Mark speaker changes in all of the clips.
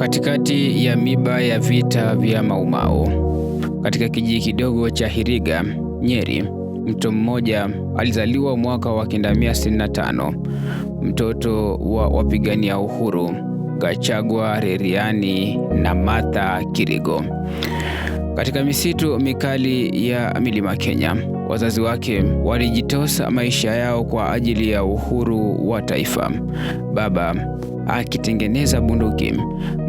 Speaker 1: katikati ya miba ya vita vya Maumau, katika kijiji kidogo cha Hiriga, Nyeri, mto mmoja alizaliwa mwaka wa 1965, mtoto wa wapigania uhuru Gachagua Reriani na Martha Kirigo. Katika misitu mikali ya milima Kenya, wazazi wake walijitosa maisha yao kwa ajili ya uhuru wa taifa. Baba akitengeneza bunduki,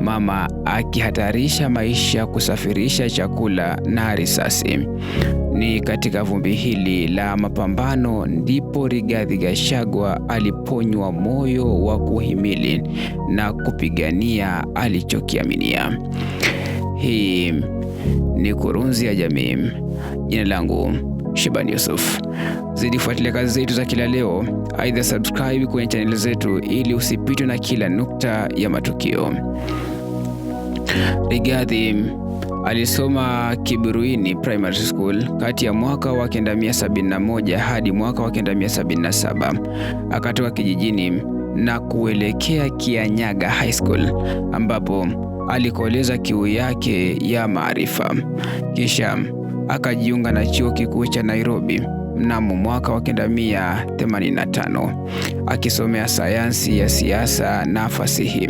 Speaker 1: mama akihatarisha maisha kusafirisha chakula na risasi. Ni katika vumbi hili la mapambano ndipo Rigathi Gachagua aliponywa moyo wa kuhimili na kupigania alichokiaminia. Hii ni Kurunzi ya Jamii. Jina langu Shebani Yusuf. Zidi kufuatilia kazi zetu za kila leo. Aidha, subscribe kwenye chaneli zetu ili usipitwe na kila nukta ya matukio. Rigathi alisoma Kiburuini Primary School kati ya mwaka wa 1971 hadi mwaka wa 1977. Akatoka kijijini na kuelekea Kianyaga High School ambapo alikoleza kiu yake ya maarifa, kisha akajiunga na chuo kikuu cha Nairobi mnamo mwaka wa 1985 akisomea sayansi ya siasa na fasihi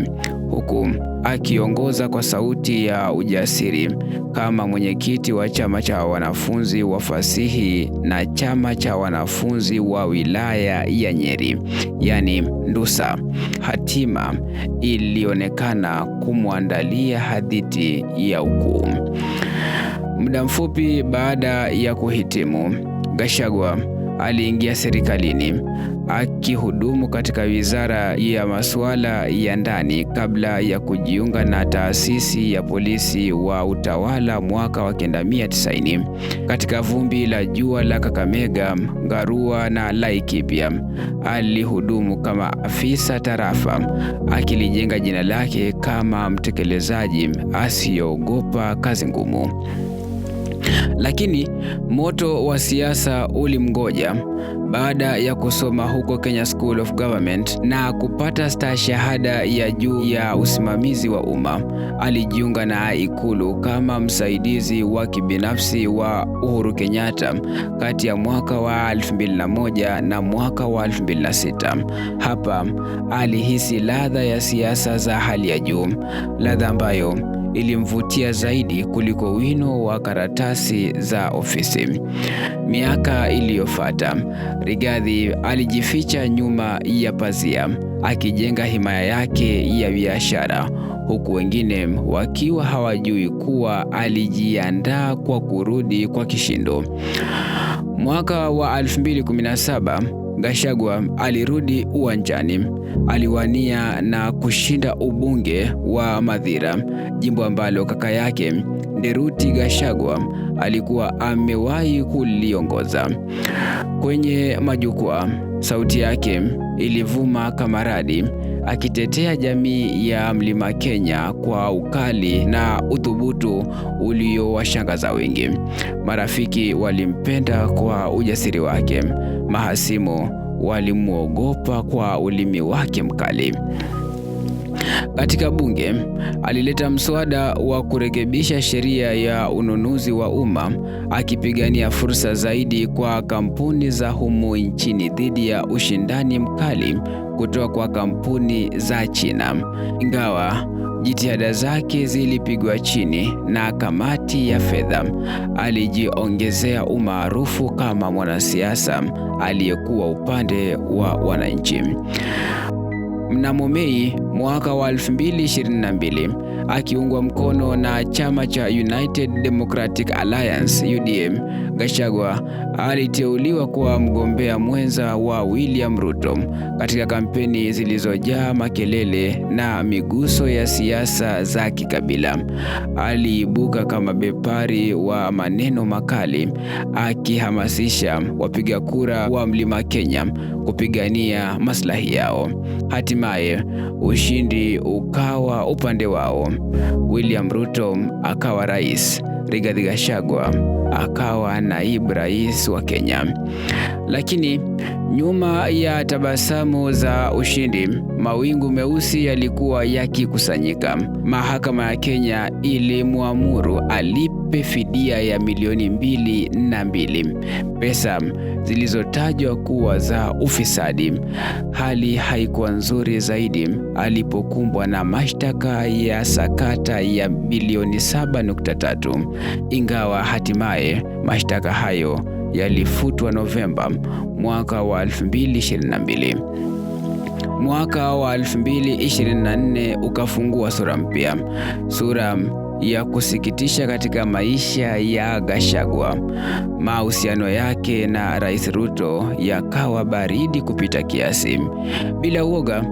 Speaker 1: huku akiongoza kwa sauti ya ujasiri kama mwenyekiti wa chama cha wanafunzi wa fasihi na chama cha wanafunzi wa wilaya ya Nyeri, yani NDUSA, hatima ilionekana kumwandalia hadithi ya ukuu. Muda mfupi baada ya kuhitimu Gachagua aliingia serikalini akihudumu katika wizara ya masuala ya ndani kabla ya kujiunga na taasisi ya polisi wa utawala mwaka wa 1990. Katika vumbi la jua la Kakamega, garua na Laikipia alihudumu kama afisa tarafa, akilijenga jina lake kama mtekelezaji asiyoogopa kazi ngumu. Lakini moto wa siasa ulimngoja baada ya kusoma huko Kenya School of Government na kupata stashahada ya juu ya usimamizi wa umma, alijiunga na Ikulu kama msaidizi wa kibinafsi wa Uhuru Kenyatta kati ya mwaka wa 2001 na mwaka wa 2006. Hapa alihisi ladha ya siasa za hali ya juu, ladha ambayo ilimvutia zaidi kuliko wino wa karatasi za ofisi. Miaka iliyofuata, Rigathi alijificha nyuma ya pazia akijenga himaya yake ya biashara huku wengine wakiwa hawajui kuwa alijiandaa kwa kurudi kwa kishindo. Mwaka wa 2017 gashagwa alirudi uwanjani. Aliwania na kushinda ubunge wa Mathira, jimbo ambalo kaka yake Nderuti gashagwa alikuwa amewahi kuliongoza. Kwenye majukwaa, sauti yake ilivuma kama radi akitetea jamii ya Mlima Kenya kwa ukali na uthubutu uliowashangaza wengi. Marafiki walimpenda kwa ujasiri wake, mahasimu walimwogopa kwa ulimi wake mkali. Katika bunge alileta mswada wa kurekebisha sheria ya ununuzi wa umma akipigania fursa zaidi kwa kampuni za humu nchini dhidi ya ushindani mkali kutoka kwa kampuni za China. Ingawa jitihada zake zilipigwa chini na kamati ya fedha, alijiongezea umaarufu kama mwanasiasa aliyekuwa upande wa wananchi. Mnamo Mei mwaka wa 2022 akiungwa mkono na chama cha United Democratic Alliance UDM, Gachagua aliteuliwa kuwa mgombea mwenza wa William Ruto katika kampeni zilizojaa makelele na miguso ya siasa za kikabila. Aliibuka kama bepari wa maneno makali akihamasisha wapiga kura wa Mlima Kenya kupigania maslahi yao. Hatimaye ushi ushindi ukawa upande wao. William Ruto akawa rais, Rigathi Gachagua akawa naibu rais wa Kenya, lakini Nyuma ya tabasamu za ushindi, mawingu meusi yalikuwa yakikusanyika. Mahakama ya Kenya ilimwamuru alipe fidia ya milioni mbili na mbili, pesa zilizotajwa kuwa za ufisadi. Hali haikuwa nzuri zaidi alipokumbwa na mashtaka ya sakata ya bilioni 7.3, ingawa hatimaye mashtaka hayo yalifutwa Novemba mwaka wa 2022. Mwaka wa 2024 ukafungua sura mpya, sura ya kusikitisha katika maisha ya Gachagua. Mahusiano yake na Rais Ruto yakawa baridi kupita kiasi. Bila uoga,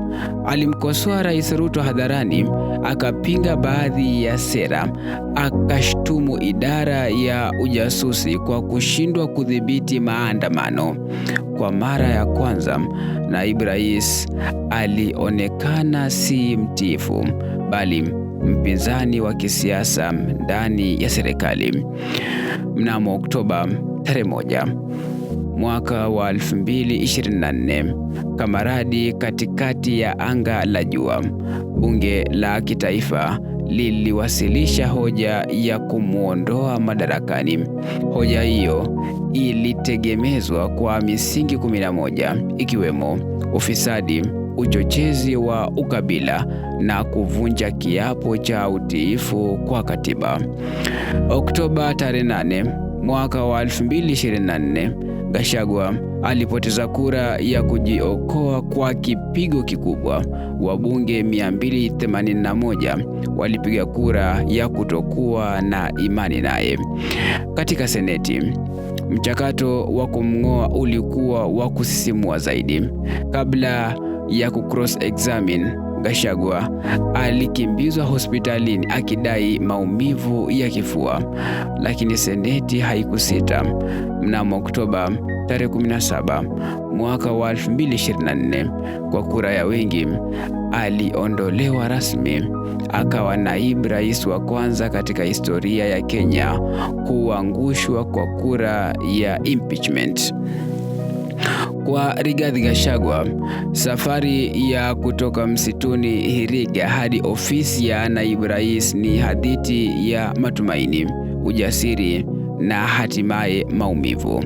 Speaker 1: alimkosoa Rais Ruto hadharani, akapinga baadhi ya sera, akashtumu idara ya ujasusi kwa kushindwa kudhibiti maandamano. Kwa mara ya kwanza, naibu rais alionekana si mtiifu bali mpinzani wa kisiasa ndani ya serikali. Mnamo Oktoba tarehe moja mwaka wa 2024 kamaradi, katikati ya anga la jua, bunge la kitaifa liliwasilisha hoja ya kumwondoa madarakani. Hoja hiyo ilitegemezwa kwa misingi 11 ikiwemo ufisadi uchochezi wa ukabila na kuvunja kiapo cha utiifu kwa katiba. Oktoba tarehe 8 mwaka wa 2024, Gashagwa alipoteza kura ya kujiokoa kwa kipigo kikubwa. Wabunge 281 walipiga kura ya kutokuwa na imani naye. Katika Seneti, mchakato wa kumng'oa ulikuwa wa kusisimua zaidi. Kabla ya kucross examine Gachagua alikimbizwa hospitalini akidai maumivu ya kifua, lakini seneti haikusita. Mnamo Oktoba tarehe 17 mwaka wa 2024 kwa kura ya wengi aliondolewa rasmi, akawa naibu rais wa kwanza katika historia ya Kenya kuangushwa kwa kura ya impeachment kwa Rigathi Gachagua. Safari ya kutoka msituni Hiriga hadi ofisi ya naibu rais ni hadithi ya matumaini, ujasiri na hatimaye maumivu.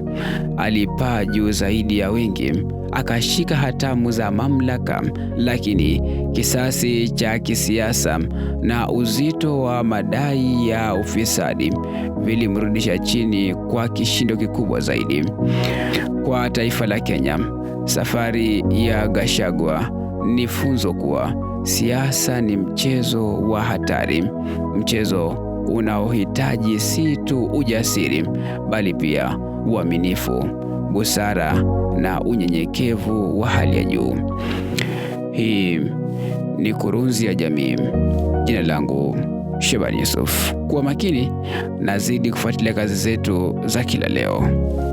Speaker 1: Alipaa juu zaidi ya wengi, akashika hatamu za mamlaka, lakini kisasi cha kisiasa na uzito wa madai ya ufisadi vilimrudisha chini kwa kishindo kikubwa zaidi kwa taifa la Kenya. Safari ya Gachagua ni funzo kuwa siasa ni mchezo wa hatari, mchezo unaohitaji si tu ujasiri, bali pia uaminifu, busara na unyenyekevu wa hali ya juu. Hii ni Kurunzi ya Jamii. Jina langu Sheban Yusuf. Kuwa makini, nazidi kufuatilia kazi zetu za kila leo.